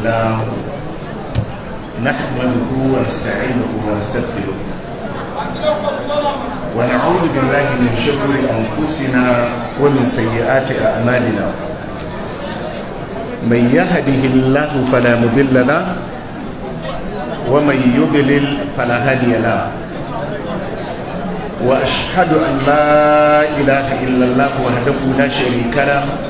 الله نحمده ونستعينه ونستغفره ونعوذ بالله من شر أنفسنا ومن سيئات أعمالنا من يهده الله فلا مضل له ومن يضلل فلا هادي له وأشهد أن لا إله إلا الله وحده لا شريك له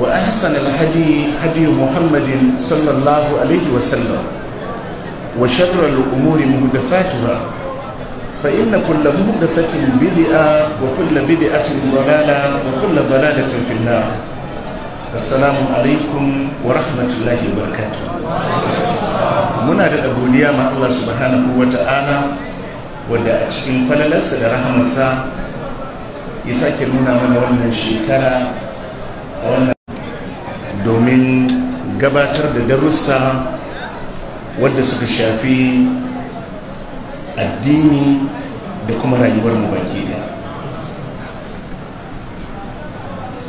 وأحسن الهدي هدي محمد صلى الله عليه وسلم وشر الأمور مهدفاتها فإن كل مهدفة بدئة وكل بدئة ضلالة وكل ضلالة في النار السلام عليكم ورحمة الله وبركاته muna da godiya ma Allah subhanahu wa ta'ala wadda a cikin falalarsa da rahamarsa ya sake nuna mana wannan shekara a wannan domin gabatar da darussa wadda suka shafi addini da kuma rayuwar mu baki da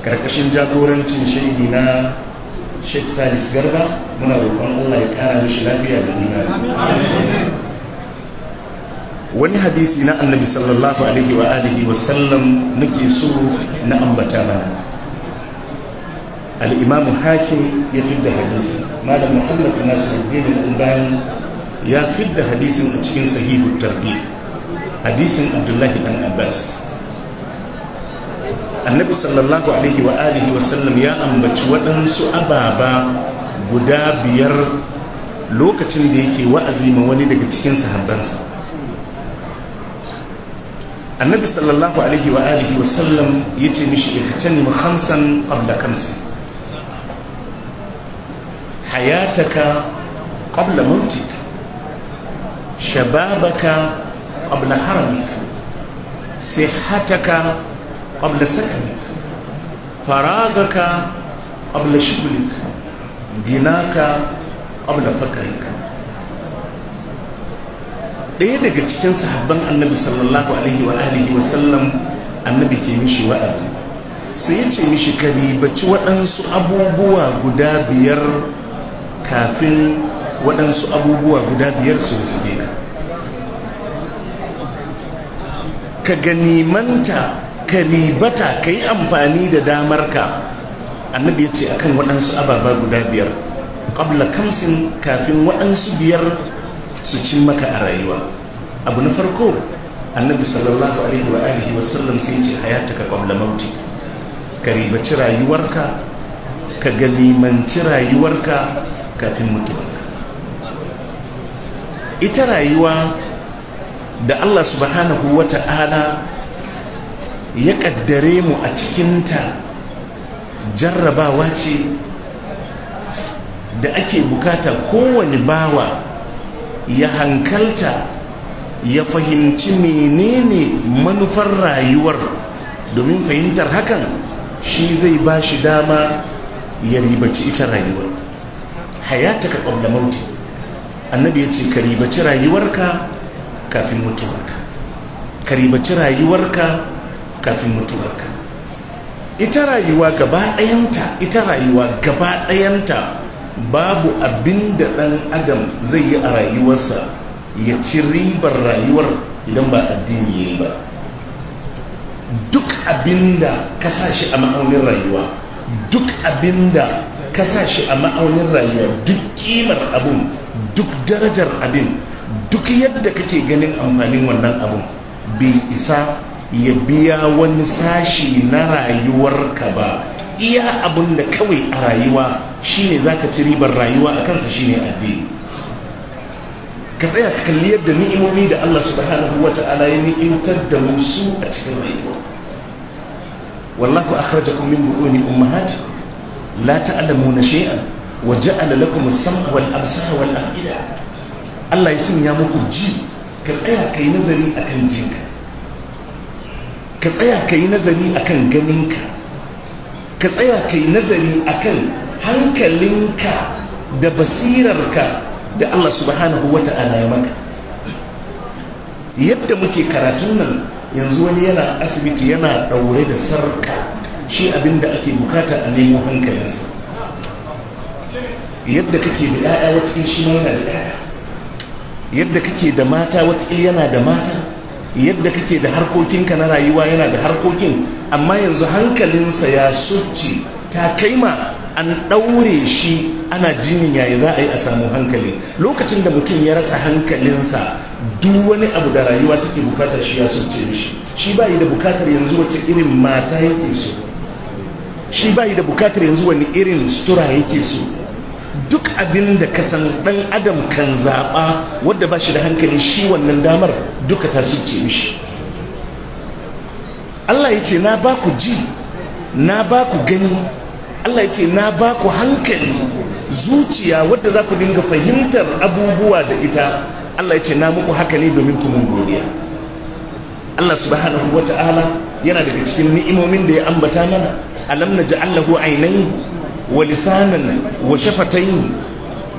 karkashin jagorancin shaidi na sheikh salis garba muna roƙon allah ya ƙara mishi lafiya da imani wani hadisi na annabi sallallahu alaihi wa alihi wa sallam nake so na ambata mana al'imamu hakim ya fidda hadisi malam muhammad nasiruddin al-albani ya fidda hadisin a cikin sahihu tarbi hadisin abdullahi dan abbas annabi sallallahu alaihi wa alihi wa sallam ya ambaci waɗansu ababa guda biyar lokacin da yake wa'azi ma wani daga cikin sahabbansa annabi sallallahu alaihi wa alihi wa sallam ya ce mishi ikhtani khamsan qabla kamsin حياتك قبل موتك shababaka قبل حرمك صحتك قبل سكنك faragaka قبل شغلك ginaka قبل fakarik ɗaya daga cikin sahabban annabi sallallahu alaihi wa alihi wa sallam annabi ke mishi wa'azi sai ya ce mishi kani bacci waɗansu abubuwa guda biyar kafin waɗansu abubuwa guda biyar su suke ka ganimanta ka ribata ka yi amfani da damarka annabi ya ce akan waɗansu ababa guda biyar ƙabla kamsin kafin waɗansu biyar su cin maka a rayuwa abu na farko annabi sallallahu alaihi wa alihi wa sallam sai ce hayata ka ƙabla mauti ka ribaci rayuwarka ka ganimanci rayuwarka kafin mutuwa ita rayuwa da allah subhanahu wa ta'ala ya kaddare mu a cikinta jarrabawa ce da ake bukata kowane bawa ya hankalta ya fahimci menene manufar rayuwar domin fahimtar hakan shi zai ba shi dama ya ribaci ita rayuwa. hayataka qabla mauti annabi ya ce ka rayuwarka kafin mutuwarka ka rayuwarka kafin mutuwarka ita rayuwa gaba ɗayanta ita rayuwa gaba ɗayanta babu abin da ɗan adam zai yi a rayuwarsa ya ci ribar rayuwar idan ba addini ya yi ba duk abin da ka sa shi a ma'aunin rayuwa duk abin da ka sa shi a ma'aunin rayuwa duk kimar abun duk darajar abin duk yadda kake ganin amfanin wannan abun bai isa ya biya wani sashi na rayuwarka ba iya abun da kawai a rayuwa shine ka ci ribar rayuwa a kansa shine addini ka tsaya ka kalli yadda ni'imomi da Allah subhanahu wa ta'ala ya ni'imtar da musu a cikin rayuwa wallahu akhrajakum min bu'uni ummahatikum la ta'lamuna shay'an wa ja'ala lakum as-sam'a wal absara wal af'ida Allah ya sanya muku ji ka tsaya yi nazari akan jinka ka tsaya yi nazari akan ganinka ka tsaya kai nazari akan hankalinka da basirarka da Allah subhanahu wata'ala ya maka yadda muke karatun nan yanzu wani yana asibiti yana ɗaure da sarka shi abin da ake bukata a nemo hankalinsa yadda kake da 'ya'ya watakil shi ma yana da 'ya'ya yadda kake da mata watakil yana da mata yadda kake da harkokinka na rayuwa yana da harkokin amma yanzu hankalinsa ya suci ta kaima an ɗaure shi ana jinin yayi za a yi a samu hankali lokacin da mutum ya rasa hankalinsa duk wani abu da rayuwa take bukata shi ya suce mishi shi ba yi da bukatar yanzu wace irin mata yake so shi bayi da bukatar yanzu wani irin sutura yake so duk abin da ka san dan adam kan zaɓa wadda ba shi da hankali shi wannan damar duka ta ce mishi Allah ya ce na ba ku ji na ba ku gani Allah ya ce na ba ku hankali zuciya wadda za ku dinga fahimtar abubuwa da ita Allah ya ce na muku haka ne domin ku mun godiya Allah subhanahu wa ta'ala yana daga cikin ni'imomin da ya ambata mana alam na ja'allahu ainihi wa lisanan wa shafatai,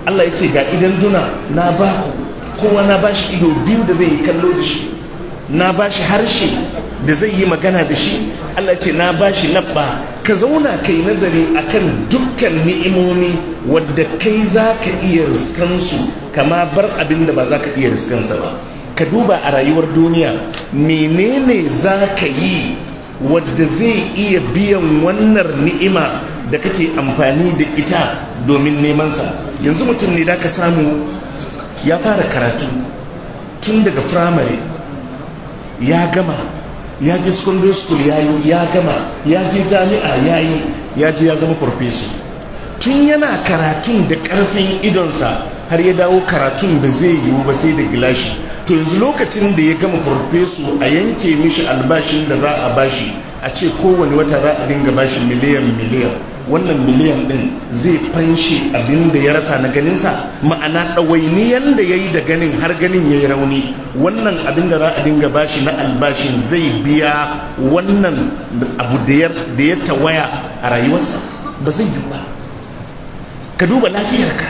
Allah ya ce ga idan duna na ba kowa na ba shi ido biyu da zai yi kallo da shi na ba shi harshe da zai yi magana da shi Allah ce na ba shi labba ka zauna ka yi nazari a kan dukkan ni'imomi wadda kai za ka iya riskansu kama bar abin da ba za ka iya riskansa ba ka duba a rayuwar duniya menene za ka yi wadda zai iya biyan wannan ni'ima da kake amfani da ita domin nemansa yanzu mutum ne da ka samu ya fara karatu tun daga firamare ya gama ya je secondary school ya yi ya gama ya je jami'a ya yi ya je ya zama professor tun yana karatun da karfin idonsa har ya dawo karatun da zai yiwu ba sai da gilashi to yanzu lokacin da ya gama farfeso a yanke mishi albashin da za a bashi a ce kowane wata za a dinga bashi miliyan miliyan wannan miliyan din zai fanshe abin da ya rasa na ganinsa ma'ana ɗawainiyan da ya yi da ganin har ganin ya yi rauni wannan abin da za a dinga bashi na albashin zai biya wannan abu da ya tawaya a rayuwarsa ba zai yi ba ka duba lafiyarka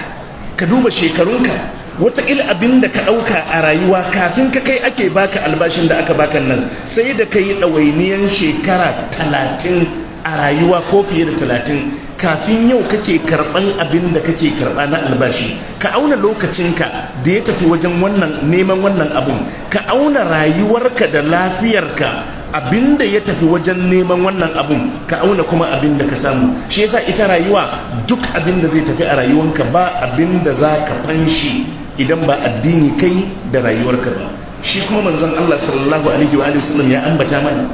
ka duba shekarunka Wata abin da ka ɗauka a rayuwa kafin ka kai ake baka albashin da aka baka nan sai da ka yi ɗawainiyan shekara talatin a rayuwa ko fiye da talatin kafin yau kake karɓan abin da kake karɓa na albashi ka auna lokacinka da ya tafi wajen wannan neman wannan abun ka auna rayuwarka da lafiyarka abinda ya tafi wajen neman wannan abun ka auna kuma abin da ka samu shi yasa ita rayuwa duk abinda zai tafi a rayuwanka ba abinda za ka fanshi idan ba addini kai da rayuwar ka ba shi kuma manzon Allah sallallahu alaihi wa sallam ya ambata mana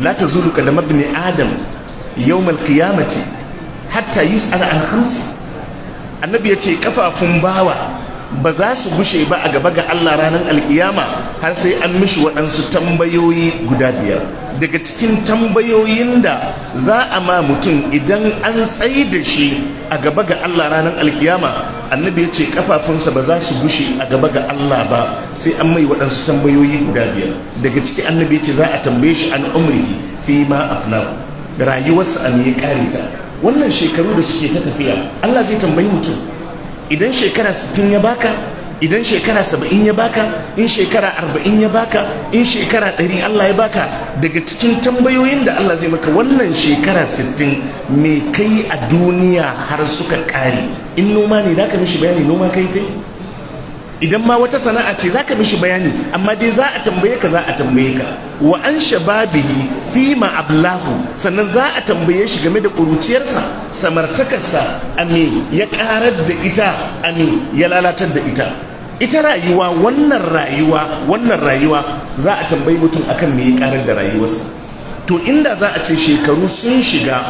la zulu qadam ibn adam yawm al-qiyamati hatta yus'ala an khamsi annabi yace kafafun bawa ba za su gushe ba a gaba ga Allah ranar alkiyama har sai an mishi waɗansu tambayoyi guda biyar daga cikin tambayoyin da za a ma mutum idan an tsaye da shi a gaba ga Allah ranar alkiyama annabi ya ce kafafunsa ba za su gushe a gaba ga Allah ba sai an mai waɗansu tambayoyi guda biyar daga ciki annabi ya ce za a tambaye shi an umrihi fi ma afnam rayuwarsa a me ya kare ta wannan shekaru da suke ta tafiya Allah zai tambayi mutum idan shekara 60 ya baka idan shekara saba'in ya baka in shekara arba'in ya baka in shekara ɗari allah ya baka daga cikin tambayoyin da allah zai maka wannan shekara sittin me kai a duniya har suka ƙare in noma ne za ka mishi bayani noma kai ta idan ma wata sana'a ce za ka mishi bayani amma dai za a tambaye ka za a tambaye ka wa an shababihi fi ma ablahu sannan za a tambaye shi game da ƙuruciyarsa samartakarsa ame ya ƙarar da ita ame ya lalatar da ita ita rayuwa wannan rayuwa wannan rayuwa za a tambayi mutum akan me ya karar da rayuwarsa to inda za a ce shekaru sun shiga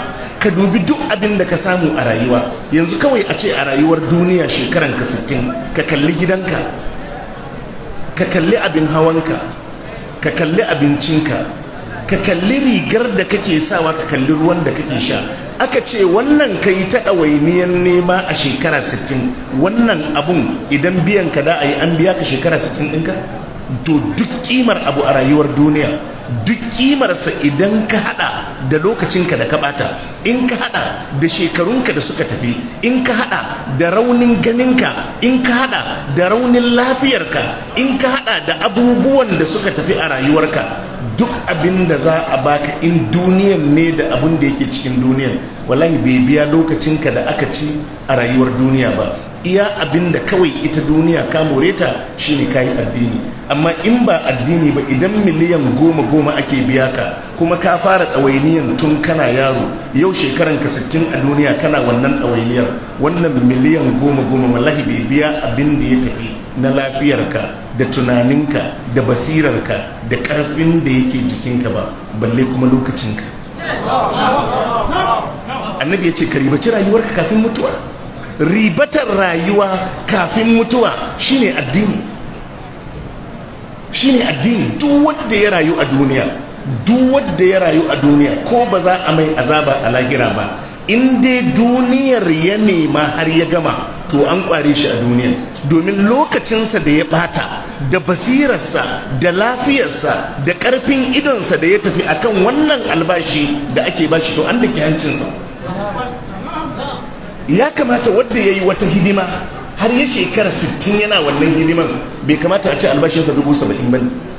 ka dubi duk abin da ka samu a rayuwa yanzu kawai a ce a rayuwar duniya shekaran ka 60 ka kalli gidanka ka kalli abin hawanka ka kalli abincinka ka kalli rigar da kake sawa ka kalli ruwan da kake sha aka ce wannan ka yi ta ɗawainiyar nema a shekara 60 wannan abun idan biyan ka da a yi an biya ka shekara 60 ɗinka to duk kimar abu a rayuwar duniya duk kimarsa idan ka hada da lokacinka da ka bata in ka hada da shekarunka da suka tafi in ka hada da raunin ganinka in ka hada da raunin lafiyarka in ka hada da abubuwan da suka tafi a rayuwarka duk abin da za a baka in duniyan ne da abin da yake cikin duniyan wallahi bai biya lokacinka da aka ci a rayuwar duniya ba iya abin da kawai ita duniya ka more ta shine kayi addini amma in ba addini ba idan miliyan goma goma ake biya ka kuma ka fara ɗawainiyan tun kana yaro yau shekaran ka sittin a duniya kana wannan ɗawainiyar wannan miliyan goma goma wallahi bai biya abin da ya tafi na lafiyar ka. da tunaninka da basirarka da karfin da yake jikinka ba balle kuma lokacinka annabi ya ce ka ribaci rayuwarka kafin mutuwa ribatar rayuwa kafin mutuwa shine addini shine addini duk wanda ya rayu a duniya duk wanda ya rayu a duniya ko ba za a mai azaba a lahira ba in dai duniyar ya nema har ya gama to an kware shi a duniya domin lokacinsa da ya bata da basirarsa da lafiyarsa da karfin idonsa da ya tafi akan wannan albashi da ake bashi to an da hancinsa ya kamata wadda ya yi wata hidima har ya shekara 60 yana wannan hidiman bai kamata a ce albashinsa dubu saba'in bane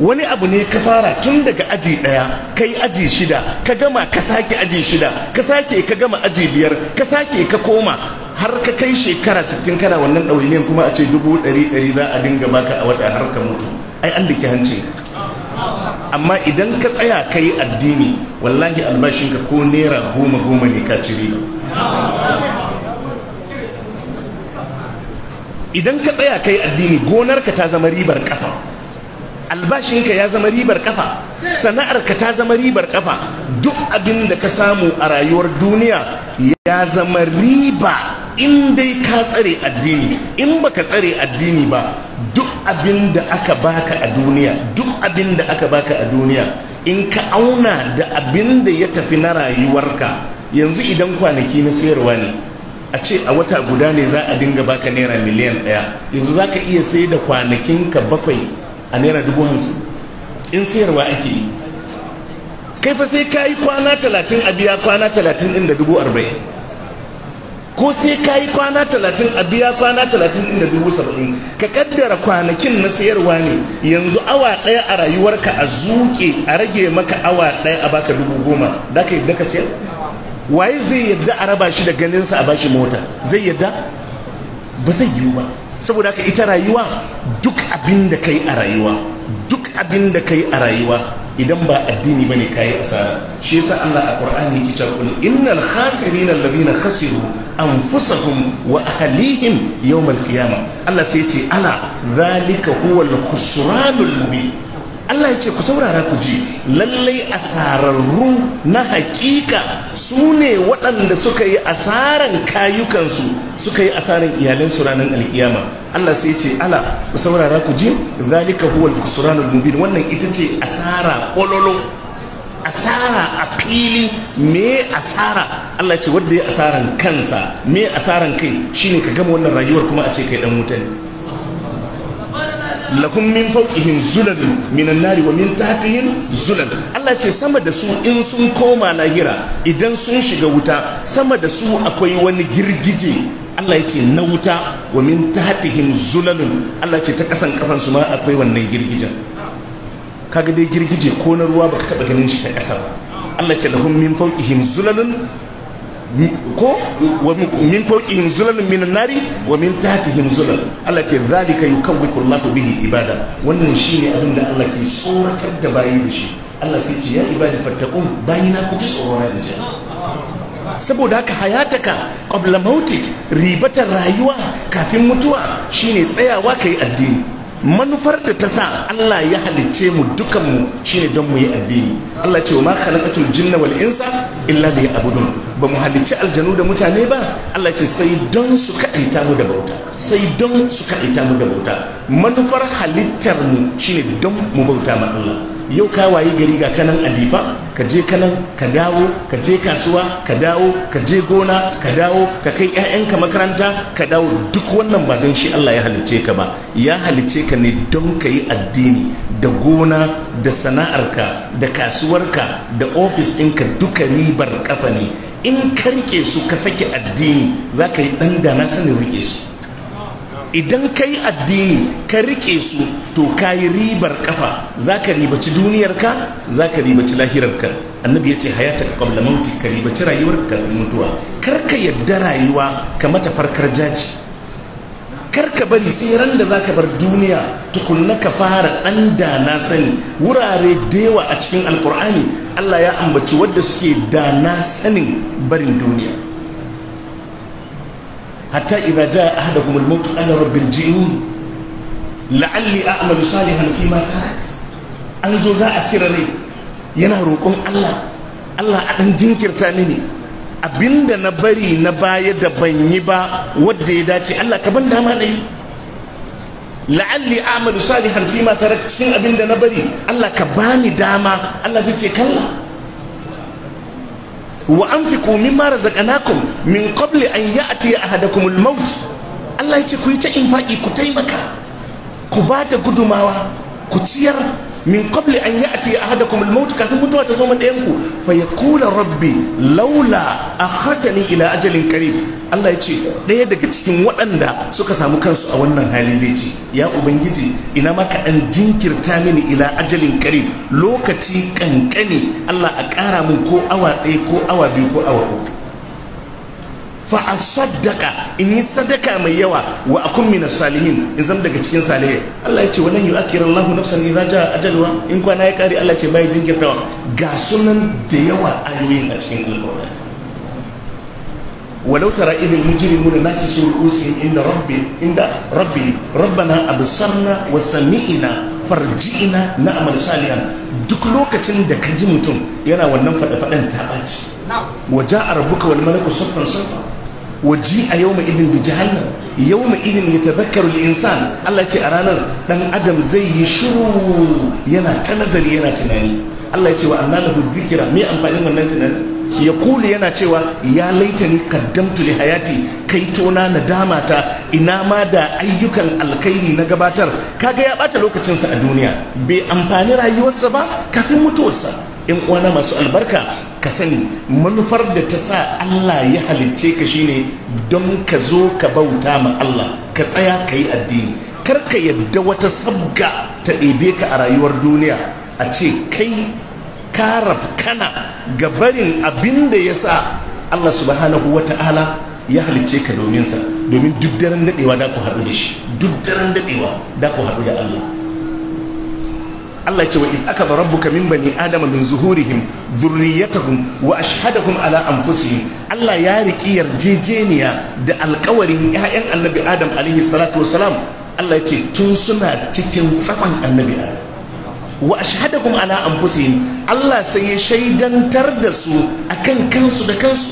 wani abu ne ka fara tun daga aji ɗaya kai aji shida ka gama ka sake aji shida ka sake ka gama aji biyar ka sake ka koma har ka kai shekara sittin kana wannan ɗawainiyan kuma a ce dubu ɗari ɗari za a dinga baka a wata har ka mutu ai an dake hanci amma idan ka tsaya ka yi addini wallahi albashinka ko naira goma goma ne ka cire idan ka tsaya ka yi addini gonarka ta zama ribar kafa albashinka ya zama ribar kafa sana'arka ta zama ribar kafa duk abin da ka samu a rayuwar duniya ya zama riba in dai ka tsare addini in baka tsare addini ba duk abin da aka baka a duniya duk abin da aka baka a duniya in ka auna da abin da ya tafi na rayuwarka yanzu idan kwanaki na sayarwa ne a ce a wata guda ne za a dinga baka naira miliyan ɗaya yanzu za ka iya sai da kwanakinka bakwai a naira dubu hamsin in sayarwa ake yi kai fa sai ka yi kwana talatin a biya kwana talatin ɗin da dubu arba'in ko sai ka yi kwana talatin a biya kwana talatin ɗin da dubu saba'in ka kaddara kwanakin na sayarwa ne yanzu awa ɗaya a rayuwarka a zuke a rage maka awa ɗaya a baka dubu goma da ka yadda ka sayar waye zai yadda a raba shi da ganinsa a bashi mota zai yadda ba zai yiwu ba saboda haka ita rayuwa duk abin da kai a rayuwa duk abin da kai a rayuwa idan ba addini ba ne kayi asara shi yasa Allah a Qur'ani yake cewa innal khasirina alladhina khasiru anfusahum wa ahlihim yawm al-qiyamah Allah sai ya ce ala zalika huwal khusranul mubin Allah ya ce ku saurara ku ji lallai asararru na hakika su ne waɗanda suka yi asaran kayukansu suka yi asaran iyalansu ranar alkiyama Allah sai ce ala ku saurara ku ji zalika huwal al mubin wannan ita ce asara kololo asara a fili me asara Allah ce wanda ya asaran kansa me asaran kai shine ka gama wannan rayuwar kuma a ce kai dan mutane lakum min fawqihim zulal min an-nari wa min tahtihim zulal Allah ce sama da su in sun koma lahira idan sun shiga wuta sama da su akwai wani girgije Allah ya ce na wuta wa min tahtihim zulal Allah ce ta kasan kafan su ma akwai wannan girgijen kaga dai girgije ko na ruwa baka taba ganin shi ta kasa Allah ce lahum min fawqihim zulal ko min fawqihim zulal min nari wa min tahtihim zulal Allah ke zalika yukawwifu Allah bihi ibada wannan shine abin da Allah ke tsoratar da bayi da shi Allah sai ce ya ibadi fattaqun bayina ku ji tsorona da jihar saboda haka hayataka qabla mautik ribatar rayuwa kafin mutuwa shine tsayawa kai addini manufar da ta sa Allah ya halicce mu dukanmu shine don mu yi addini Allah ce wa ma khalaqatul jinna wal insa illa liya'budun ba mu halicci aljanu da mutane ba Allah ce sai don su kaɗaita mu da bauta sai don su kaɗaita mu da bauta manufar halittar mu shine don mu bauta ma Allah yau ka waye gari ga kanan alifa ka je kanan ka dawo ka je kasuwa ka dawo ka je gona ka dawo ka kai 'ya'yanka makaranta ka dawo duk wannan ba don shi Allah ya halicce ka ba ya halicce ka ne don ka yi addini da gona da sana'arka da kasuwarka da ofis ɗinka duka ribar kafa ne in ka rike su ka sake addini za ka yi ɗan dana sanin rike su idan ka yi addini ka riƙe su to ka yi ribar ƙafa za ka ribaci duniyarka za ka ribaci lahirarka annabi ya ce hayata ƙwamla mauti ka ribaci rayuwar ka mutuwa kar ka yadda rayuwa ka mata farkar jaji kar ka bari sai ran da za ka bar duniya tukunna ka fara ɗan da na sani wurare da yawa a cikin alkur'ani allah ya ambaci wadda suke da na sanin barin duniya hatta idza jaa ahadakum al-maut qala rabbi irji'un la'alli a'malu salihan fi ma tarak an zo za a cire ne yana roƙon Allah Allah a ɗan jinkirta mini abinda na bari na baya da ban yi ba wadda ya dace Allah ka ban dama na yi la'alli a'malu salihan fi ma tarak cikin abinda na bari Allah ka bani dama Allah zai ce kalla wa kumi mara razaqnakum min kwabli an ya'ti ahadakum al-maut Allah ya ce ku yi ta infaki ku taimaka ku ba da gudumawa ku ciyar min qabli an ya'ti ahadakum al-maut kafin mutuwa ta zo ma ɗayan ku fa yaqula rabbi laula akhartani ila ajalin qarib Allah ya ce ɗaya daga cikin waɗanda suka samu kansu a wannan hali zai ce ya ubangiji ina ma ka dan jinkirta mini ila ajalin qarib lokaci kankane Allah a ƙara mun ko awa ɗaya ko awa biyu ko awa uku fa a saddaka in yi sadaka mai yawa wa a kun mina salihin in zama daga cikin salihin Allah ya ce walan yu'akhiru na sani za jaa ajaluha in kwana ya kare Allah ce bai jinkirtawa ga sunan da yawa ayoyin a cikin alƙur'ani walau tara idil ki suru ru'usihim inda rabbi inda rabbi rabbana absarna wa sami'na na amal salihan duk lokacin da ka ji mutum yana wannan fada faɗen ta ɓaci wa ja'a rabbuka wal malaku saffan waji a yau ma'ilin bi jahannam yau ma'ilin ya tazakkaru insan Allah ce a ranar ɗan adam zai yi shiru yana ta nazari yana tunani Allah ya ce wa anna lahu zikira mai amfanin wannan tunani ya kuli yana cewa ya laita ni kaddamtu li hayati kai tona na dama ta ina ma da ayyukan alkhairi na gabatar kaga ya bata lokacinsa a duniya bai amfani rayuwarsa ba kafin mutuwarsa in uwana masu albarka ka sani manufar da ta sa Allah ya halicce ka shine don ka zo ka bauta ma Allah ka tsaya ka yi addini kar ka yadda wata sabga ta ɗebe ka a rayuwar duniya a ce kai karab kana ga barin abin da ya sa Allah subhanahu wa ta'ala ya halicce ka domin sa domin duk daren daɗewa da ku haɗu da shi duk daren daɗewa da ku haɗu da Allah Allah ce wa rabbuka min bani adama min zuhurihim dhurriyyatahum wa ashhadahum ala anfusihim Allah ya riki yarjejeniya da alƙawarin ƴaƴan annabi Adam alaihi salatu Allah ce tun suna cikin tsafan annabi Adam wa ashhadakum ala anfusihim Allah sai ya shaidantar da su akan kansu da kansu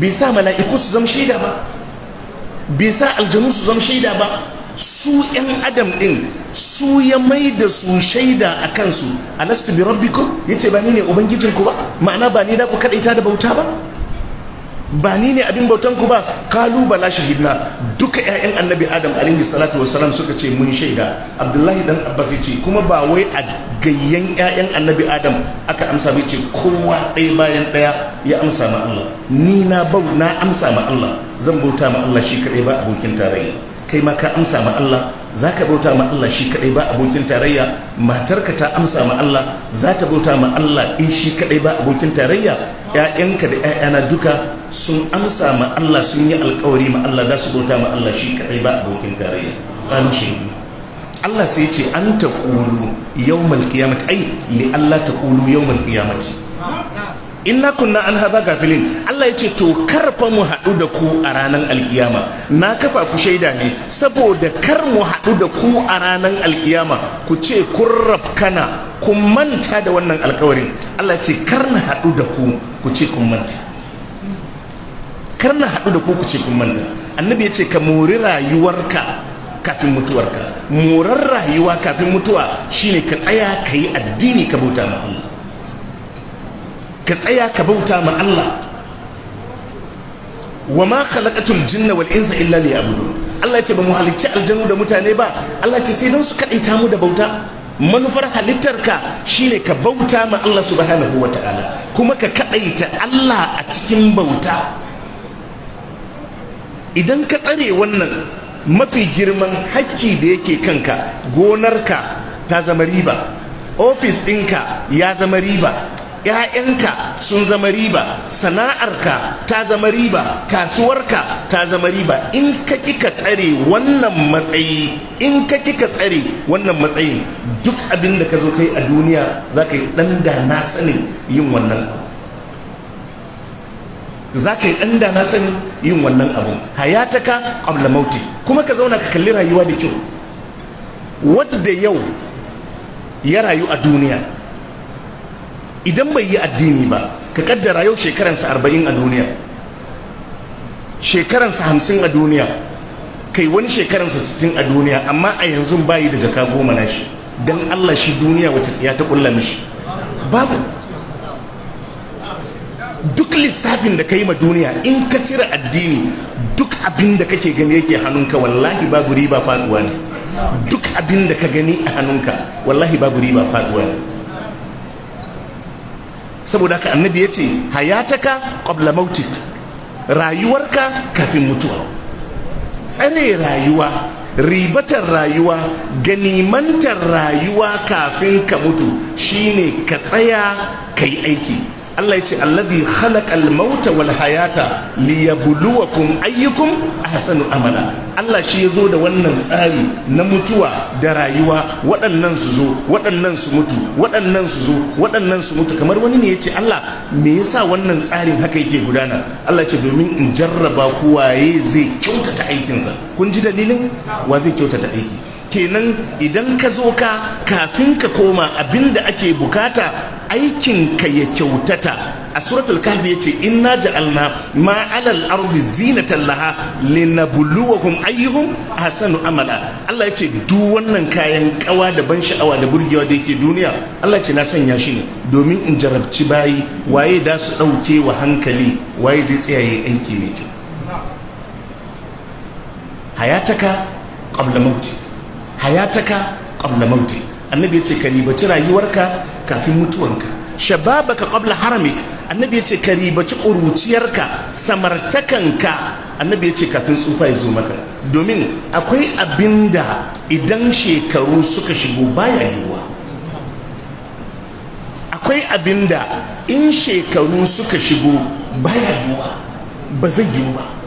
bai sa mala'iku su zama shaida ba bai sa aljanu su zama shaida ba su 'yan adam ɗin su ya mai da su shaida a kansu alastu bi rabbikum ya ce ba ni ne ubangijinku ba ma'ana ba ni na ku kaɗaita da bauta ba ba ni ne abin bautanku ku ba kalu bala shahidna duka 'ya'yan annabi adam alaihi salatu wasalam suka ce mun shaida abdullahi dan abbas ya ce kuma ba wai a gayyan 'ya'yan annabi adam aka amsa mai ce kowa ɗaya bayan ɗaya ya amsa ma allah ni na bau na amsa ma allah zan bauta ma allah shi kaɗai ba abokin tarayya kai ma ka amsa ma Allah za ka bauta ma Allah shi kadai ba abokin tarayya matarka ta amsa ma Allah za ta bauta ma Allah in shi kadai ba abokin tarayya ƴaƴanka da ƴaƴana duka sun amsa ma Allah sun yi alƙawari ma Allah za su bauta ma Allah shi kadai ba abokin tarayya qalu shahidu Allah sai ya ce an taqulu yawmal qiyamati ay li Allah taqulu yawmal qiyamati inna kunna an haza gafilin Allah ya ce to karfa mu haɗu da ku a ranar alkiyama na kafa ku shaida ne saboda kar mu haɗu da ku a ranar alkiyama ku ce kun rabkana kun manta da wannan alkawarin Allah ya ce kar na haɗu da ku ku ce kun manta kar na haɗu da ku ku ce kun manta annabi ya ce ka mori rayuwarka kafin mutuwarka morar rayuwa kafin mutuwa shine ka tsaya ka yi addini ka bauta ma Allah ka tsaya ka bauta ma Allah wa ma khalaqatul jinna wal insa illa liya'budun Allah ya ce ba mu halicci aljanu da mutane ba Allah ya ce sai dan su kadaita mu da bauta manufar halittarka shine ka bauta ma Allah subhanahu wa ta'ala kuma ka kadaita Allah a cikin bauta idan ka tsare wannan mafi girman hakki da yake kanka gonarka ta zama riba ofis ɗinka ya zama riba 'ya'yanka sun zama riba sana'arka ta zama riba kasuwarka ta zama riba in ka kika tsare wannan matsayi in ka kika tsare wannan matsayin duk abin da ka zo kai a duniya za ka yi ɗan da na sanin yin wannan abu za ka yi ɗan da na sanin yin wannan abu hayataka ƙwamla mauti kuma ka zauna ka kalli rayuwa da kyau wadda yau ya rayu a duniya idan bai yi addini ba ka kaddara yau shekaransa arba'in a duniya shekaransa hamsin a duniya kai wani shekaransa sittin a duniya amma a yanzu bayi da jaka goma na shi don allah shi duniya wata tsiya ta kulla mishi babu duk lissafin da ka yi ma duniya in ka cire addini duk abin da kake gani yake hannunka wallahi babu riba faduwa ne duk abin da ka gani a hannunka wallahi babu riba faduwa ne saboda haka annabi ya ce hayataka qabla mautik rayuwarka kafin mutuwa tsare rayuwa ribatar rayuwa ganimantar rayuwa kafin ka mutu shine ka tsaya ka yi aiki Allah ya ce alladhi khalaqal mauta wal hayata liyabluwakum ayyukum ahsanu amala Allah shi ya zo da wannan tsari na mutuwa da rayuwa waɗannan su zo waɗannan su mutu waɗannan su zo waɗannan su mutu kamar wani ne ya ce Allah me yasa wannan tsarin haka yake gudana Allah ce domin in jarraba kuwaye zai kyautata aikinsa kun ji dalilin wa zai kyautata aiki kenan idan ka zo ka kafin ka koma abin da ake bukata aikin ka ya kyautata a suratul kahfi yace inna ja'alna ma alal ardi zinatan laha linabluwakum ayyuhum ahsanu amala Allah yace duk wannan kayan kawa da ban sha'awa da burgewa da yake duniya Allah yace na sanya shi ne domin in jarabci bayi waye da su dauke wa hankali waye zai tsayaye aiki mai kyau hayataka qabla mauti hayataka qabla mauti annabi yace ka ribaci rayuwarka kafin mutuwanka shababaka qabla haramik annabi yace ka ribaci ƙuruciyarka samartakanka annabi yace kafin tsufa ya zo maka domin akwai abinda idan shekaru suka shigo baya yiwa akwai abinda in shekaru suka shigo baya yiwa ba zai yiwu ba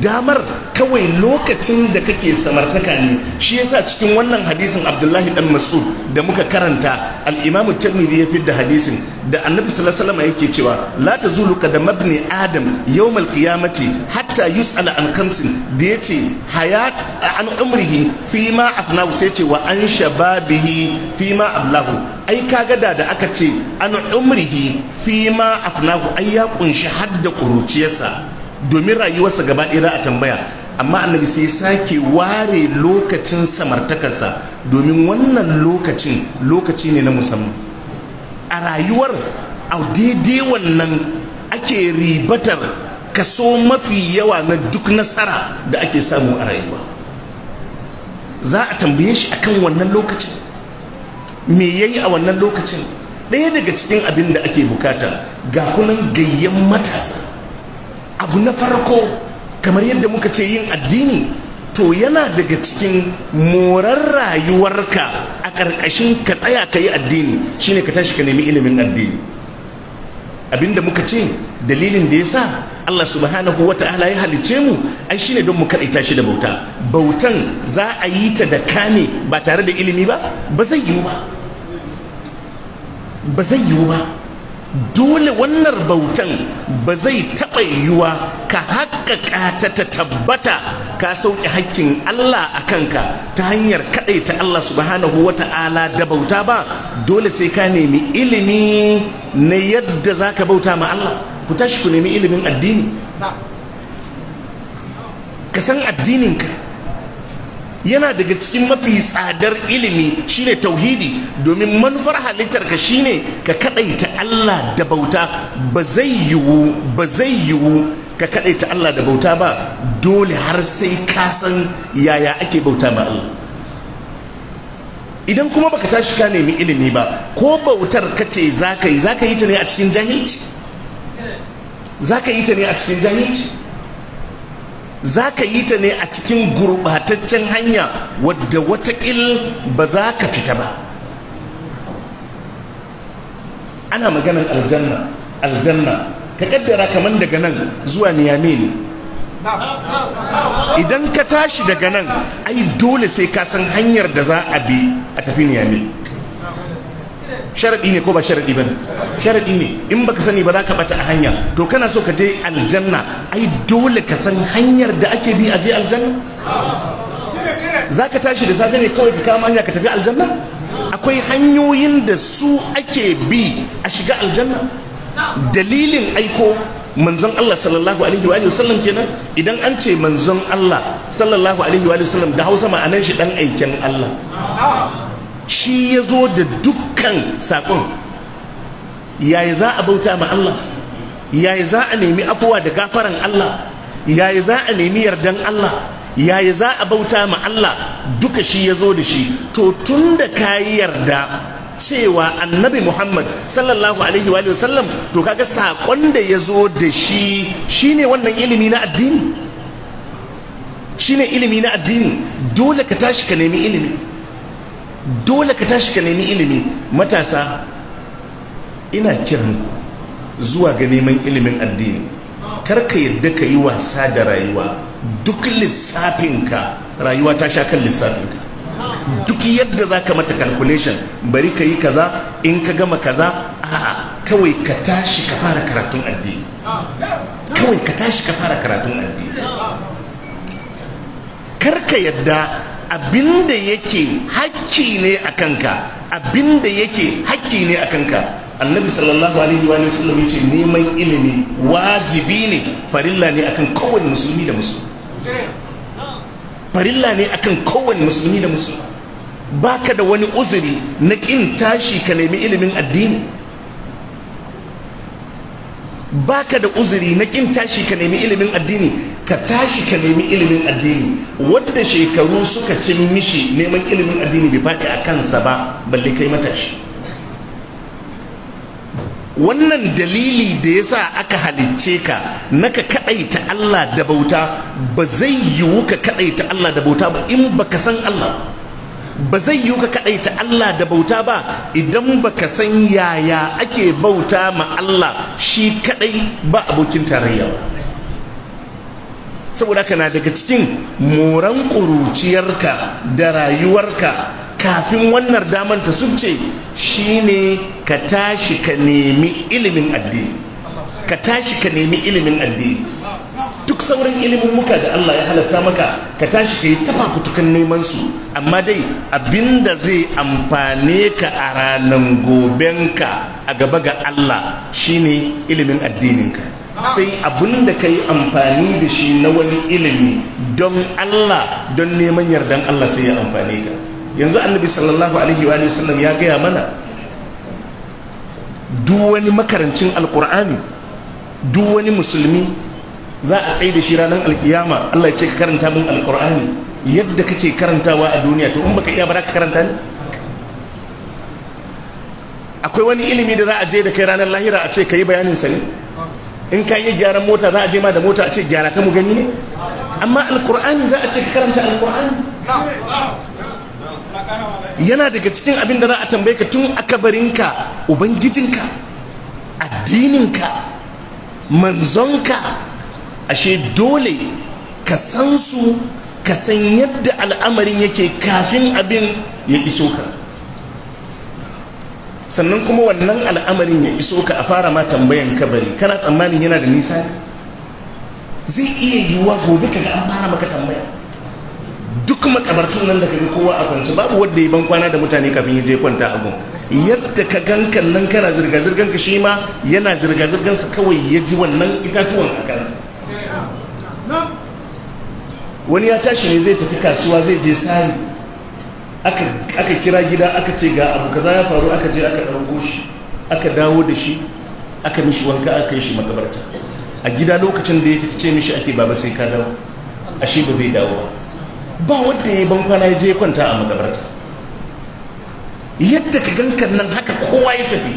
damar kawai lokacin da kake samartaka ne shi yasa cikin wannan hadisin abdullahi dan mas'ud da muka karanta al-imamu tirmidhi ya da hadisin da annabi sallallahu alaihi wasallam yake cewa la tazulu da mabni adam yawm qiyamati hatta yus'ala an khamsin da yace hayat an umrihi fi ma afnahu sai ce wa an shababihi fi ma ablahu ai kaga da da aka ce an umrihi fi ma afnahu ai ya kunshi hadda kuruciyarsa domin rayuwarsa gaba ɗaya za a tambaya amma annabi sai sake ware lokacin samartakarsa domin wannan lokacin lokaci ne na musamman a rayuwar a daidai wannan ake ribatar kaso mafi yawa na duk nasara da ake samu a rayuwa za a tambaye shi akan wannan lokacin me yayi a wannan lokacin ɗaya daga cikin abin da ake bukata ga kunan gayyan matasa abu na farko kamar yadda muka ce yin addini to yana daga cikin morar rayuwarka a ƙarƙashin ka tsaya ka yi addini shine ka tashi ka nemi ilimin addini abinda muka ce dalilin da ya sa Allah subhanahu wa ta'ala ya halicce mu ai shine don mu kaɗaita shi da bauta bautan za a yi ta da kane ba tare da ilimi ba ba zai yiwu ba ba zai yiwu ba dole wannan bautan ba zai taɓa yiwuwa ka haƙaƙa ta ta tabbata ka sauƙi haƙƙin Allah a kanka ta hanyar kaɗai ta Allah subhanahu wa ta'ala da bauta ba dole sai ka nemi ilimi na yadda za ka bauta ma Allah ku tashi ku nemi ilimin addini ka san addininka yana daga cikin mafi tsadar ilimi shine tauhidi domin manufar halittar ka shine ka kadaita Allah da bauta ba zai yiwu ba zai yiwu ka kadaita Allah da bauta ba dole har sai ka san yaya ake bauta ma Allah idan kuma baka tashi ka nemi ilimi ba ko bautar ka ce zaka yi zaka yi ta ne a cikin jahilci zaka yi ta ne a cikin jahilci za ka yi ta ne a cikin gurɓataccen hanya wadda watakil ba za ka fita ba ana maganin aljanna aljanna ka kaddara kamar daga nan zuwa niyame ne idan ka tashi daga nan ai dole sai ka san hanyar da za a bi a tafi niyame sharaɗi ne ko ba sharaɗi ba sharaɗi ne in baka sani ba za ka bata a hanya to kana so ka je aljanna ai dole ka san hanyar da ake bi a je aljanna za ka tashi da safe ne kawai ka kama hanya ka tafi aljanna akwai hanyoyin da su ake bi a shiga aljanna dalilin aiko manzon Allah sallallahu alaihi wa sallam kenan idan an ce manzon Allah sallallahu alaihi wa sallam da Hausa ma'anar shi ɗan aikin Allah shi ya zo da dukkan saƙon yayi za a bauta ma Allah Yayi za a nemi afuwa da gafaran Allah Yayi za a nemi yardan Allah Yayi za a bauta ma Allah duka shi ya zo da shi to tun da ka yarda cewa annabi Muhammad sallallahu alaihi wa sallam to kaga saƙon da ya zo da shi shine wannan ilimi na addini shine ilimi na addini dole ka tashi ka nemi ilimi dole ka tashi ka nemi ilimi matasa ina kiran ku zuwa ga neman ilimin addini kar ka yadda ka yi wasa da rayuwa duk lissafinka rayuwa ta sha kan lissafinka duk yadda za ka mata calculation bari ka yi kaza in ka gama kaza a'a kawai ka tashi ka fara karatun addini kawai ka tashi ka fara karatun addini kar ka yadda abinda yake hakki ne a kanka abinda yake hakki ne a kanka annabi sallallahu alaihi wa sallam yace neman ilimi wajibi ne farilla ne akan kowane musulmi da musulmi farilla ne akan kowane musulmi da musulmi baka da wani uzuri na kin tashi ka nemi ilimin addini baka da uzuri na kin tashi ka nemi ilimin addini ka tashi ka nemi ilimin addini wadda shekaru suka cin mishi neman ilimin addini bai faɗi a kansa ba balle kai matashi wannan dalili da ya sa aka halicce ka na ka kaɗaita Allah da bauta ba zai yiwu ka kaɗaita Allah da bauta ba in baka san Allah ba ba zai yi ka ta Allah da bauta ba idan ba ka san yaya ake bauta ma Allah shi kaɗai ba abokin tarayya ba saboda ka na daga cikin moran ƙuruciyarka da rayuwarka kafin wannan damar ta subce shine ka tashi ka nemi ilimin addini ka tashi ka nemi ilimin addini sauran ilimin muka da Allah ya halatta maka ka tashi ka yi tafa tafafutukan neman su amma dai abinda zai amfane ka a ranar ka a gaba ga Allah shine ilimin addininka sai abinda ka yi amfani da shi na wani ilimi don Allah don neman yardan Allah sai ya amfane ka yanzu annabi sallallahu alaihi wa sallam ya gaya mana duk wani makarancin alkur'ani duk wani musulmi za a tsaye da shi ranar alkiyama Allah ce ce karanta min alkur'ani yadda kake karantawa a duniya to in baka iya baraka ka karanta ne akwai wani ilimi da za a je da kai ranar lahira a ce ka yi bayanin sa ne in ka yi gyaran mota za a je ma da mota a ce gyara ta mu gani ne amma alkur'ani za a ce ka karanta alkur'ani yana daga cikin abin da za a tambaye ka tun akabarinka ubangijinka addininka manzonka ashe dole ka san su ka san yadda al'amarin yake kafin abin ya iso ka sannan kuma wannan al'amarin ya iso ka a fara ma tambayan kabari kana tsammanin yana da nisa zai iya yiwuwa gobe kaga an fara maka tambaya duk makabartun nan da kaga kowa a kwance babu wanda ya ban kwana da mutane kafin ya je kwanta a yadda ka gankan nan kana zirga zirgan ka shi ma yana zirga zirgan su kawai ya ji wannan itatuwan a kansa wani ya tashi ne zai tafi kasuwa zai je sari aka kira gida aka ce ga abu kaza ya faru aka je aka ɗauko shi aka dawo da shi aka mishi wanka aka yi shi makabarta a gida lokacin da ya fita ce mishi ake baba sai ka dawo ashe ba zai dawo ba ba wanda ya ban kwana ya je kwanta a makabarta yadda ka gankan nan haka kowa ya tafi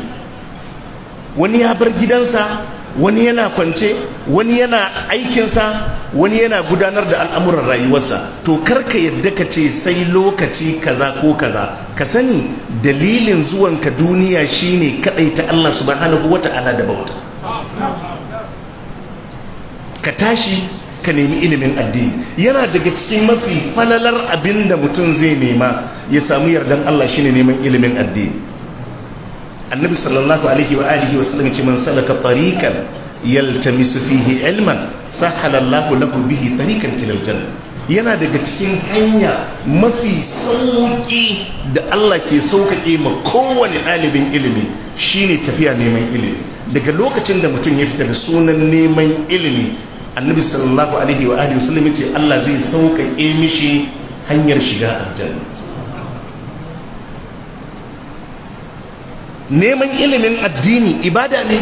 wani ya bar gidansa wani yana kwance wani yana aikinsa wani yana gudanar da al'amuran rayuwarsa to karka yadda ka ce sai lokaci kaza ko kaza ka sani dalilin zuwanka duniya shine kadai ta Allah subhanahu ala da bauta ka tashi ka nemi ilimin addini yana daga cikin mafi falalar abin da mutum zai nema ya samu yardan Allah shine neman ilimin addini annabi sallallahu alaihi wa alihi wa sallam ce man salaka tariqan yaltamisu fihi ilman sahalallahu lahu bihi tariqan ila janna yana daga cikin hanya mafi sauki da Allah ke sauƙaƙe ma kowane ɗalibin ilimi shine tafiya neman ilimi daga lokacin da mutum ya fita da sunan neman ilimi annabi sallallahu alaihi wa alihi wa sallam ce Allah zai sauƙaƙe mishi hanyar shiga aljanna neman ilimin addini ibada ne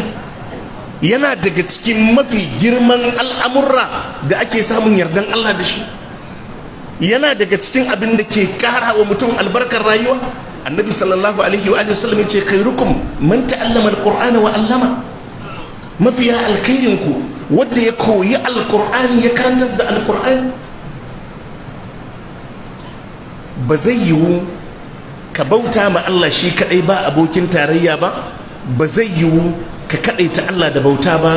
yana daga cikin mafi girman al'amurra da ake samun yardan Allah da shi yana daga cikin abin da ke kara wa mutum albarkar rayuwa annabi sallallahu alaihi wa sallam ce khairukum man ta'allama alqur'ana wa 'allama mafiya alkhairin ku wanda ya koyi alqur'ani ya karanta da alqur'ani ba zai yiwu ka bauta ma Allah shi kaɗai ba abokin tarayya ba ba zai yiwu ka ta Allah da bauta ba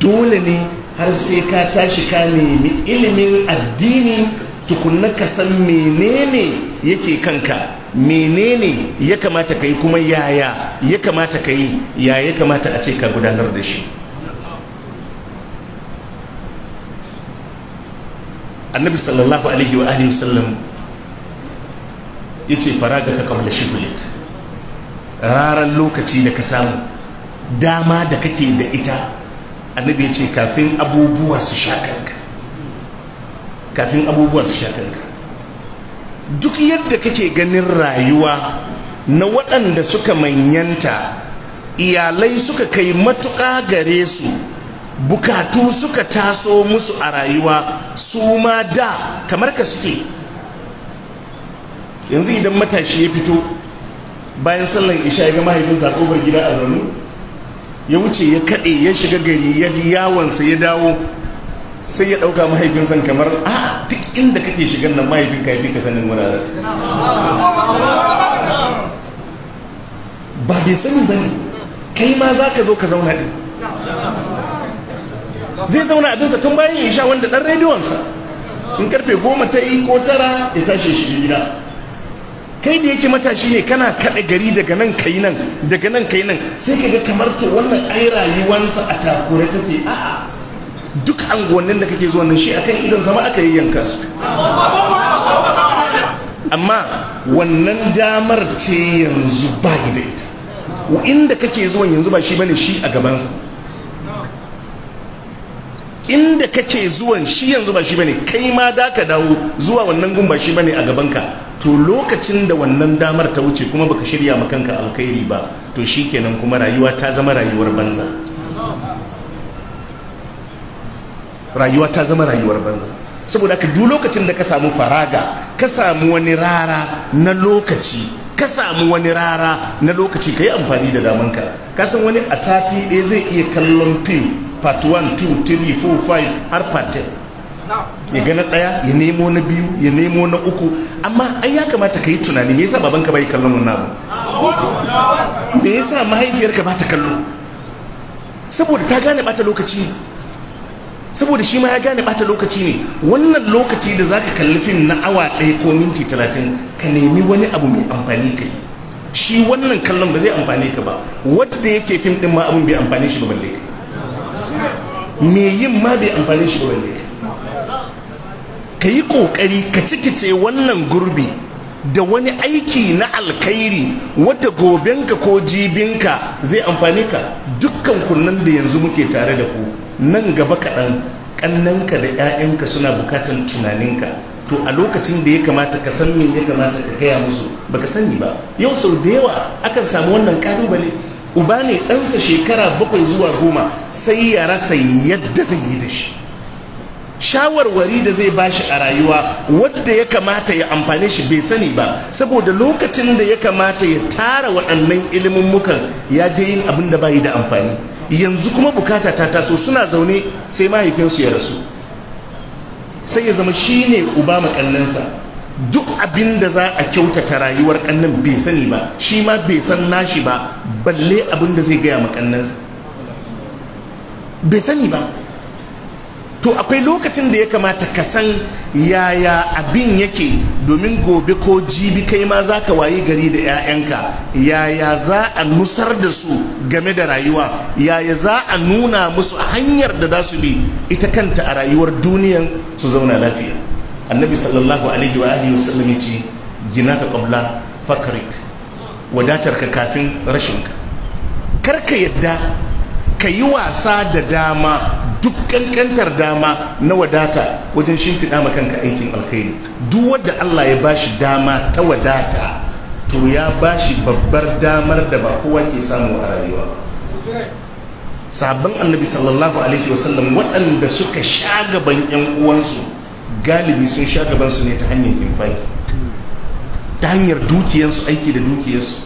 dole ne har sai ka tashi ka nemi ilimin addini tukunna ka san menene yake kanka menene ya kamata ka yi kuma yaya ya kamata ka yi ya ya kamata a ce ka gudanar da shi annabi sallallahu alaihi wa alihi wasallam ya ce faraga ka kamar shigulik raran lokaci da ka samu dama da kake da ita annabi ya ce kafin abubuwa su sha kanka kafin abubuwa su sha kanka duk yadda kake ganin rayuwa na waɗanda suka manyanta iyalai suka kai matuƙa gare su bukatu suka taso musu a rayuwa su ma da kamar ka suke yanzu idan matashi ya fito bayan sallan isha ya ga mahaifinsa a gida a zaune ya wuce ya kaɗe ya shiga gari ya yawonsa ya dawo sai ya ɗauka mahaifinsa kamar a duk inda kake shigan nan mahaifinka ya fi ka sanin wurare ba bai sani ba ne kai ma za ka zo ka zauna ɗin zai zauna abinsa tun bayan isha wanda ɗan rediyonsa in karfe goma ta yi ko tara ya tashi shi gida kai da yake matashi ne kana kada gari daga nan kai nan daga nan kai nan sai ka ga kamar to wannan ai rayuwansa a takure take a'a duk anguwannin da kake zuwa nan shi akan idon zama aka yi yanka su amma wannan damar ce yanzu ba da ita inda kake zuwa yanzu ba shi bane shi a gabansa inda kake zuwan shi yanzu ba shi bane kai ma da ka dawo zuwa wannan gun ba shi bane a gabanka to lokacin da wannan damar ta wuce kuma baka shirya ma kanka alkhairi ba to shikenan kuma rayuwa ta zama rayuwar banza rayuwa ta zama rayuwar banza saboda ka duk lokacin da ka samu faraga ka samu wani rara na lokaci ka samu wani rara na lokaci ka yi amfani da damanka ka san wani a sati ɗaya zai iya kallon fim part 1 2 3 4 5 har part 10 ya gana ɗaya ya nemo na biyu ya nemo na uku amma ai ya kamata ka yi tunani me yasa babanka bai kallon wannan abu me yasa mahaifiyarka ba ta kallo saboda ta gane bata lokaci saboda shi ma ya gane bata lokaci ne wannan lokaci da zaka kalli fim na awa ɗaya ko minti talatin ka nemi wani abu mai amfani ka yi shi wannan kallon ba zai amfane ka ba wadda yake fim din ma abun bai amfane shi ba balle ka me yin ma bai amfane shi ba balle ka ka yi ƙoƙari ka cikice wannan gurbi da wani aiki na alkhairi wadda gobenka ko jibinka zai amfani ka dukkan kunnan da yanzu muke tare da ku nan gaba kaɗan ƙannanka da 'ya'yanka suna bukatan tunaninka to a lokacin da ya kamata ka san min ya kamata ka gaya musu baka sani ba yau sau da yawa akan samu wannan kalubale uba ne ɗansa shekara bakwai zuwa goma sai ya rasa yadda zai yi da shi shawarwari da zai bashi a rayuwa wadda ya kamata ya amfane shi bai sani ba saboda lokacin da ya kamata ya tara waɗannan ilimin muka ya je yin abin da bayi da amfani yanzu kuma bukata ta taso suna zaune sai mahaifinsu ya rasu sai ya zama shi ne uba makannansa duk abin da za a kyautata rayuwar kannan bai sani ba shi ma bai san nashi ba balle abin da zai gaya makannansa bai sani ba to akwai lokacin da ya kamata ka san yaya abin yake domin gobe ko jibi kai ma za ka wayi gari da 'ya'yanka yaya za a nusar da su game da rayuwa yaya za a nuna musu hanyar da za su bi ita kanta a rayuwar duniyan su zauna lafiya annabi sallallahu alaihi wa alihi wasallam ya gina ka kwamla fakarik wadatar ka kafin rashinka kar ka yadda ka yi wasa da dama kankantar dama na wadata wajen shimfiɗa ma kanka aikin alkhairi duk wanda Allah ya ba shi dama ta wadata to ya bashi babbar damar da ba kowa ke samu a rayuwa sabbin annabi sallallahu alaihi wasallam waɗanda suka sha gaban yan uwansu galibi sun sha gaban su ne ta hanyar infaki ta hanyar dukiyarsu aiki da dukiyarsu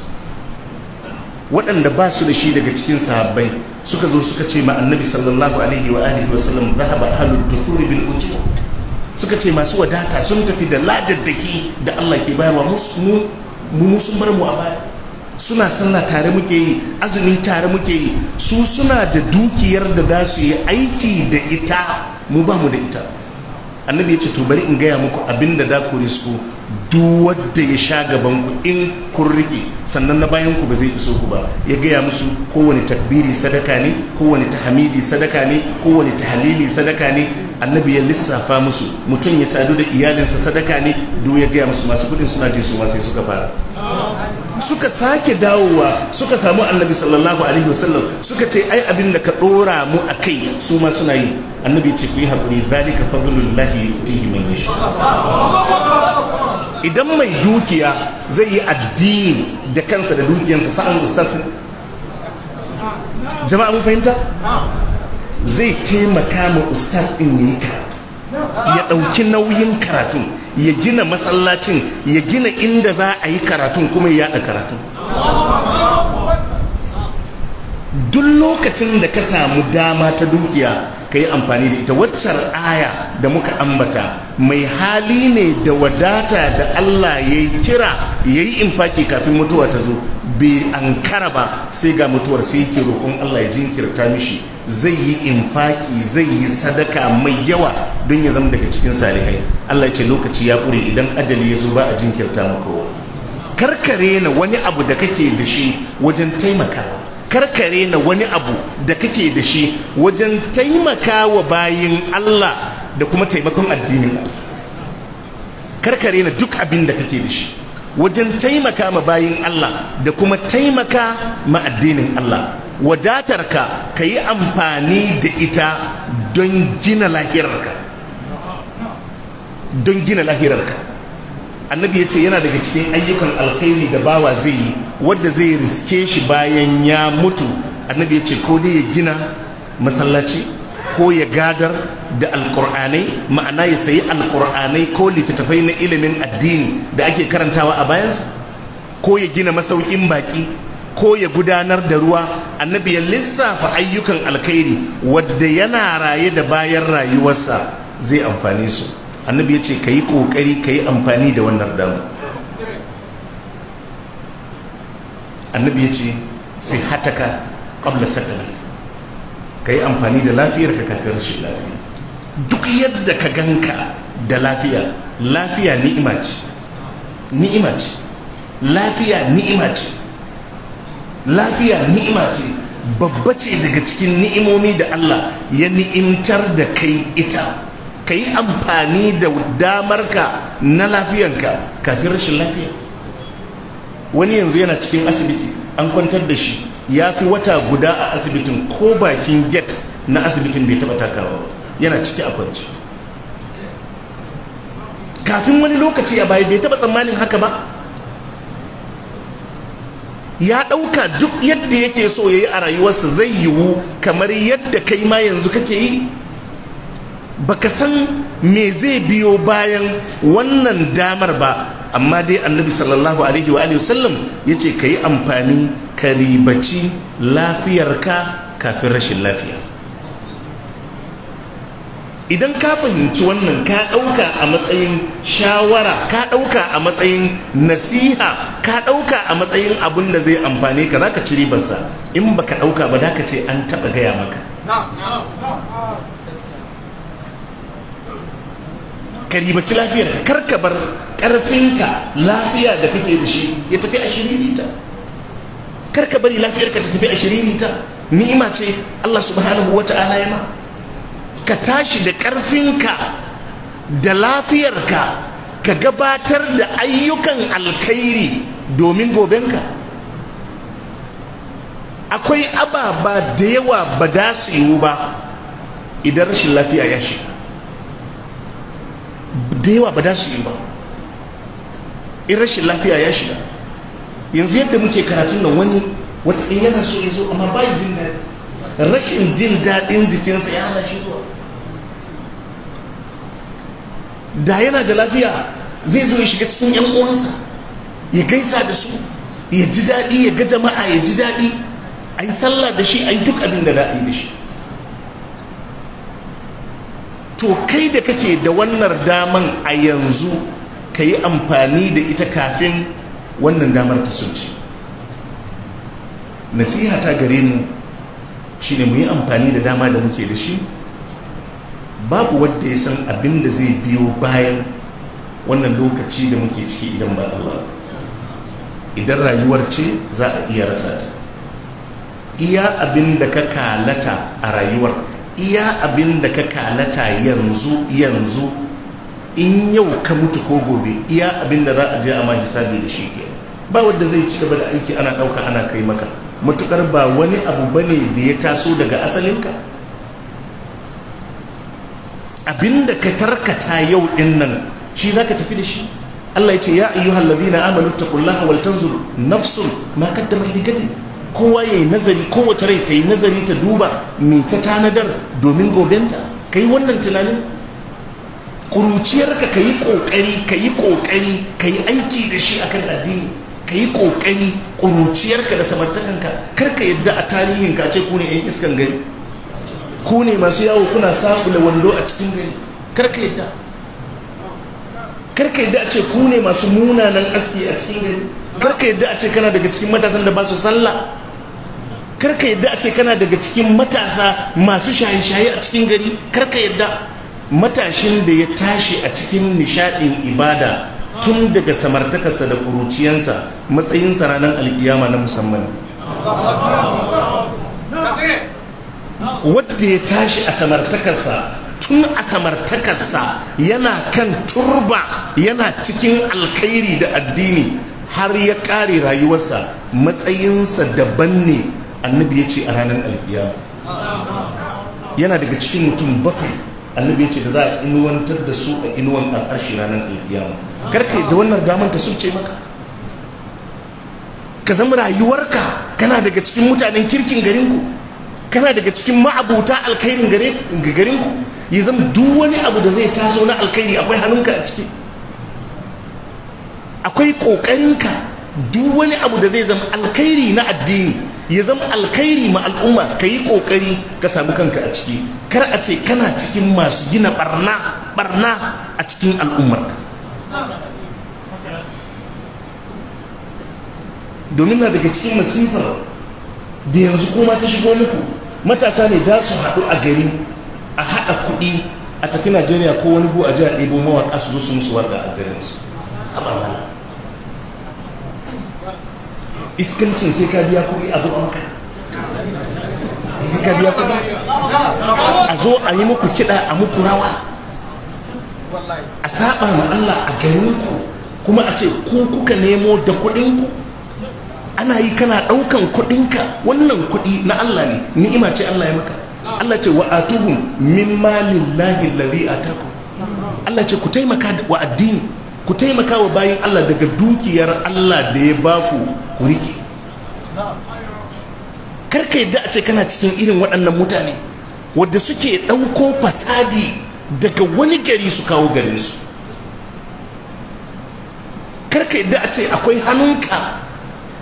waɗanda ba su da shi daga cikin sahabbai suka zo suka ce ma annabi sallallahu alaihi wa alihi wa sallam zahaba ahlud dukhur bil ujur suka ce masu wadata sun tafi da ladaddaki da Allah ke bayarwa mu sun bar mu a baya suna sallah tare muke yi azumi tare muke yi su suna da dukiyar da za su yi aiki da ita mu ba mu da ita annabi ya ce to bari in gaya muku abinda da da ku duk wadda ya sha gaban ku in kun riƙe sannan na bayan ku ba zai iso ku ba ya gaya musu kowane takbiri sadaka ne kowane tahamidi sadaka ne kowane tahalili sadaka ne annabi ya lissafa musu mutum ya sadu da iyalinsa sadaka ne duk ya gaya musu masu kudin suna je su suka fara suka sake dawowa suka samu annabi sallallahu alaihi wasallam suka ce ai abin da ka dora mu a kai su ma suna yi annabi ce ku yi haƙuri zalika fadlullahi yu'tihi man yasha idan mai dukiya zai yi addini da kansa da dukiyansa sa'an ustaz ne jama'a mun fahimta zai taimaka ma ustaz ɗin ya yi karatu. ya ɗauki nauyin karatu, ya gina masallacin ya gina inda za a yi karatu kuma ya yaɗa karatu. duk lokacin da ka samu dama ta dukiya ka yi amfani da ita waccar aya da muka ambata mai hali ne da wadata da allah ya yi kira ya yi infaki kafin mutuwa ta zo bai an kara ba sai ga mutuwar sai yake roƙon allah ya jinkirta mishi zai yi infaki zai yi sadaka mai yawa don ya zama daga cikin salihai allah ce lokaci ya ƙure idan ajali ya zo ba a jinkirta mako karkare na wani abu da kake da shi wajen taimaka. karkare na wani abu da kake da shi wajen taimaka wa bayin Allah da kuma taimakon addinin karkare na duk abin da kake da shi wajen taimaka ma bayin Allah da kuma taimaka ma addinin Allah wadatarka ka yi amfani da ita don gina lahirarka don gina lahirarka annabi ya ce yana daga cikin ayyukan alkhairi da bawa zai yi wadda zai riske shi bayan ya mutu annabi ya ce ko dai ya gina masallaci ko ya gadar da alkur'anai ma'ana ya sayi alkur'anai ko littattafai na ilimin addini da ake karantawa a bayansa ko ya gina masaukin baki ko ya gudanar da ruwa annabi ya lissafa ayyukan alkhairi wadda yana raye da bayan rayuwarsa zai amfani su annabi ya ce ka yi ƙoƙari ka yi amfani da wannan damu annabi ya ce sai hataka ƙabla sakali ka yi amfani da lafiyar ka kafin rashin lafiya duk yadda ka ganka da lafiya lafiya ni'ima ce ni'ima ce lafiya ni'ima ce lafiya ni'ima ce babba ce daga cikin ni'imomi da Allah ya ni'imtar da kai ita ka yi amfani da damarka na lafiyanka kafin rashin lafiya wani yanzu yana cikin asibiti an kwantar da shi ya fi wata guda a asibitin ko bakin get na asibitin bai taba takawa yana ciki a kwanci kafin wani lokaci a baya bai taba tsammanin haka ba ya ɗauka duk yadda yake so ya yi a rayuwarsa zai yiwu kamar yadda kai ma yanzu kake yi baka san me zai biyo bayan wannan damar ba amma dai annabi sallallahu alaihi wa alihi wasallam ya ce ka yi amfani ka ribaci lafiyarka kafin rashin lafiya idan ka fahimci wannan ka ɗauka a matsayin shawara ka ɗauka a matsayin nasiha ka ɗauka a matsayin abin da zai amfane ka za ka ci ribarsa in baka ɗauka ba da ce an taɓa gaya maka ka ribaci lafiyar kar ka bar ƙarfinka lafiya da kake da shi ya tafi a shiririta kar ka bari lafiyarka ta tafi a shiririta ni'ima ce Allah subhanahu wa ta'ala ya ma ka tashi da ƙarfinka da lafiyarka ka gabatar da ayyukan alkhairi domin gobenka akwai ababa da yawa ba da su yiwu ba idan rashin lafiya ya shiga da yawa ba da su yi ba in rashin lafiya ya shiga yanzu yadda muke karatun nan wani wata in yana so ya zo amma ba jin daɗi rashin jin daɗin jikinsa ya hana shi zuwa da yana da lafiya zai zo ya shiga cikin yan uwansa ya gaisa da su ya ji daɗi ya ga jama'a ya ji daɗi a sallah da shi a yi duk abin da za a da shi to kai da kake da wannan daman a yanzu ka yi amfani da ita kafin wannan damar ta sunce nasiha ta gare mu shine mu yi amfani da dama da muke da shi babu wadda ya san abin da zai biyo bayan wannan lokaci da muke ciki idan ba Allah idan rayuwar ce za a iya rasa ta iya abin da ka kalata a rayuwar iya abin da ka kalata yanzu yanzu in yau ka mutu ko gobe iya abin da za a je a hisabi da shi ke. ba wanda zai ci gaba da aiki ana ɗauka ana kai maka matukar ba wani abu bane da ya taso daga asalinka abin da ka tarkata yau ɗinnan, nan shi za ka tafi da shi Allah ya ce ya ayyuhal ladina amanu taqullaha wal tanzur nafsun ma qaddamat li kowa ya yi nazari kowace rai ta yi nazari ta duba mai ta tanadar domin gobenta ka yi wannan tunanin kuruciyarka ka yi ƙoƙari ka yi ƙoƙari ka yi aiki da shi akan addini ka yi ƙoƙari kuruciyarka da samartakanka kar ka yadda a tarihin ka ce ku ne 'yan iskan gari ku ne masu yawo kuna saƙula wando a cikin gari kar ka yadda kar ka yadda a ce ku ne masu munanan aski a cikin gari kar ka yadda a ce kana daga cikin matasan da ba su sallah karka yadda a ce kana daga cikin matasa masu shaye-shaye a cikin gari karka yadda matashin da ya tashi a cikin nishadin ibada tun daga samartakarsa da kuruciyansa matsayinsa ranar alkiyama na musamman wadda ya tashi a samartakarsa tun a samartakarsa yana kan turba yana cikin alkhairi da addini har ya ƙare rayuwarsa matsayinsa daban ne annabi ya ce a ranar alkiyama yana daga cikin mutum bakwai annabi ya ce da za a inuwantar da su a inuwan al'arshi ranar alkiyama karka da wannan damar ta sun ce maka ka zama rayuwarka kana daga cikin mutanen kirkin garinku kana daga cikin ma'abuta alkhairin garinku ya zama duk wani abu da zai taso na alkhairi akwai hannunka a ciki akwai ƙoƙarinka duk wani abu da zai zama alkhairi na addini ya zama alkhairi ma al'umma ka yi ƙoƙari ka samu kanka a ciki kar a ce kana cikin masu gina barna barna a cikin al'ummarka domin na daga cikin masifar da yanzu kuma ta shigo muku matasa ne da su haɗu a gari a haɗa kuɗi a tafi najeriya ko wani gu a jihar ɗebo mawaƙa su zo su musu warga a garinsu a ɓangaren iskancin sai ka biya kuɗi a zo maka ka biya kuɗi a zo a yi muku kiɗa a muku rawa a saba ma Allah a garinku kuma a ce ku kuka nemo da kuɗinku ana yi kana ɗaukan kuɗinka wannan kuɗi na Allah ne ni'ima ce Allah ya maka Allah ce wa atuhum min malin lahi lalli ataku Allah ce ku taimaka wa addini ku taimaka wa bayan Allah daga dukiyar Allah da ya baku ku riƙe karka yadda a ce kana cikin irin waɗannan mutane wadda suke ɗauko fasadi daga wani gari su kawo garinsu karka yadda a ce akwai hannunka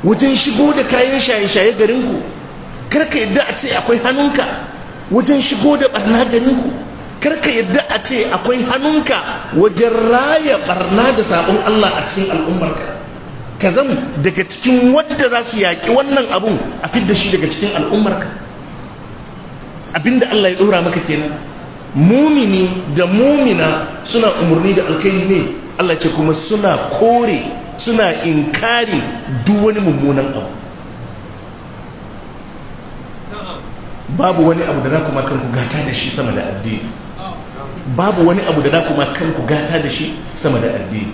wajen shigo da kayan shaye-shaye garinku karka yadda a ce akwai hannunka wajen shigo da barna garinku karka yadda a ce akwai hannunka wajen raya barna da sabon allah a cikin al'ummarka ka zan daga cikin wadda za su yaƙi wannan abun a da shi daga cikin al'ummarka abinda Allah ya ɗora maka kenan mumini da mumina suna umarni da alkhairi ne Allah ce kuma suna kore suna inkari duk wani mummunan abu babu wani abu da na kuma kanku gata da shi sama da addini babu wani abu da za ku kanku gata da shi sama da addini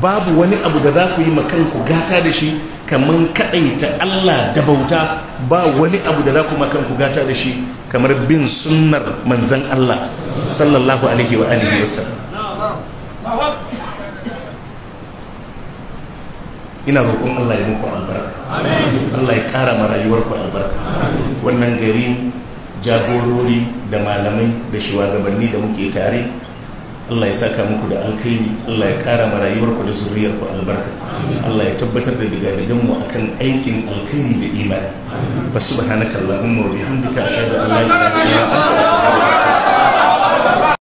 babu wani abu da za ku yi kanku gata da shi kamar kaɗaita Allah da bauta ba wani abu da za ku kanku gata da shi kamar bin sunnar manzan Allah sallallahu alaihi wa alihi wa ina roƙon Allah ya muku albarka Allah ya ƙara ma rayuwarku albarka wannan gari jagorori da malamai da shugabanni da muke tare Allah ya saka muku da alkaini Allah ya kara marayuwarku ku da zuriyarku albarka Allah ya tabbatar da digadigan mu akan aikin alkaini da imani fa subhanakallahumma wa bihamdika ashhadu an la ilaha illa anta astaghfiruka